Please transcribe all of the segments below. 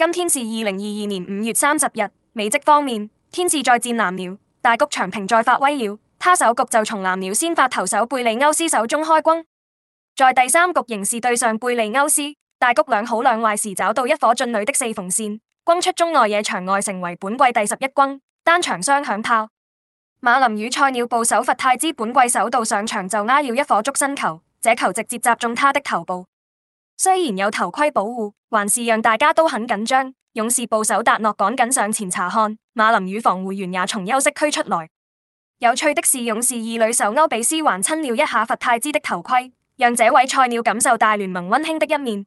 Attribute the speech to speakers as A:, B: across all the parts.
A: 今天是二零二二年五月三十日。美職方面，天使再戰藍鳥，大谷翔平再發威了。他首局就從藍鳥先發投手貝利歐斯手中開轟。在第三局仍是對上貝利歐斯，大谷兩好兩壞時找到一顆進壘的四縫線轟出中外野場外，成為本季第十一轟，單場雙響炮。馬林魚菜鳥捕手佛泰茲本季首度上場就挨了一顆觸身球，這球直接砸中他的頭部，雖然有頭盔保護，還是讓大家都很緊張。勇士捕手達諾趕緊上前查看，馬林與防護員也從休息區出來。有趣的是，勇士二壘手歐比斯還親了一下佛泰茲的頭盔，讓這位菜鳥感受大聯盟溫馨的一面。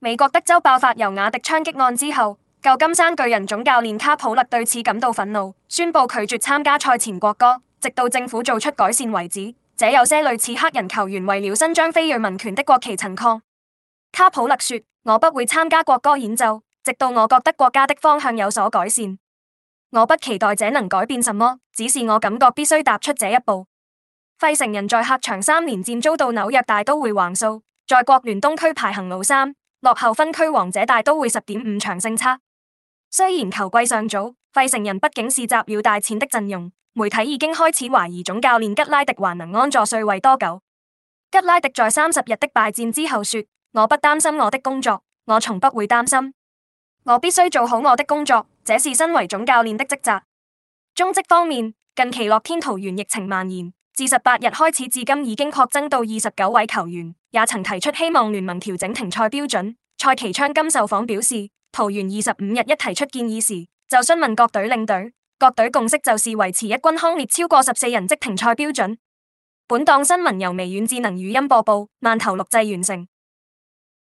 A: 美國德州爆發尤瓦迪槍擊案之後，舊金山巨人總教練卡普勒對此感到憤怒，宣布拒絕參加賽前國歌，直到政府做出改善為止。這有些類似黑人球員為了伸張非裔民權的國旗陳抗。卡普勒說。我不會參加國歌演奏，直到我覺得國家的方向有所改善。我不期待這能改變什麼，只是我感覺必須踏出這一步。費城人在客場三連戰遭到紐約大都會橫掃，在國聯東區排行老三，落後分區王者大都會十點五場勝差。雖然球季尚早，費城人畢竟是集了大錢的陣容，媒體已經開始懷疑總教練吉拉迪還能安坐帥位多久。吉拉迪在三十日的敗戰之後說。我不擔心我的工作，我從不會擔心。我必須做好我的工作，這是身為總教練的職責。中職方面，近期樂天桃園疫情蔓延，自十八日開始至今已經擴增到二十九位球員，也曾提出希望聯盟調整停賽標準。蔡其昌今受訪表示，桃園二十五日一提出建議時，就詢問各隊領隊，各隊共識就是維持一軍康列超過十四人即停賽標準。本檔新聞由微軟智能語音播報，慢投錄製完成。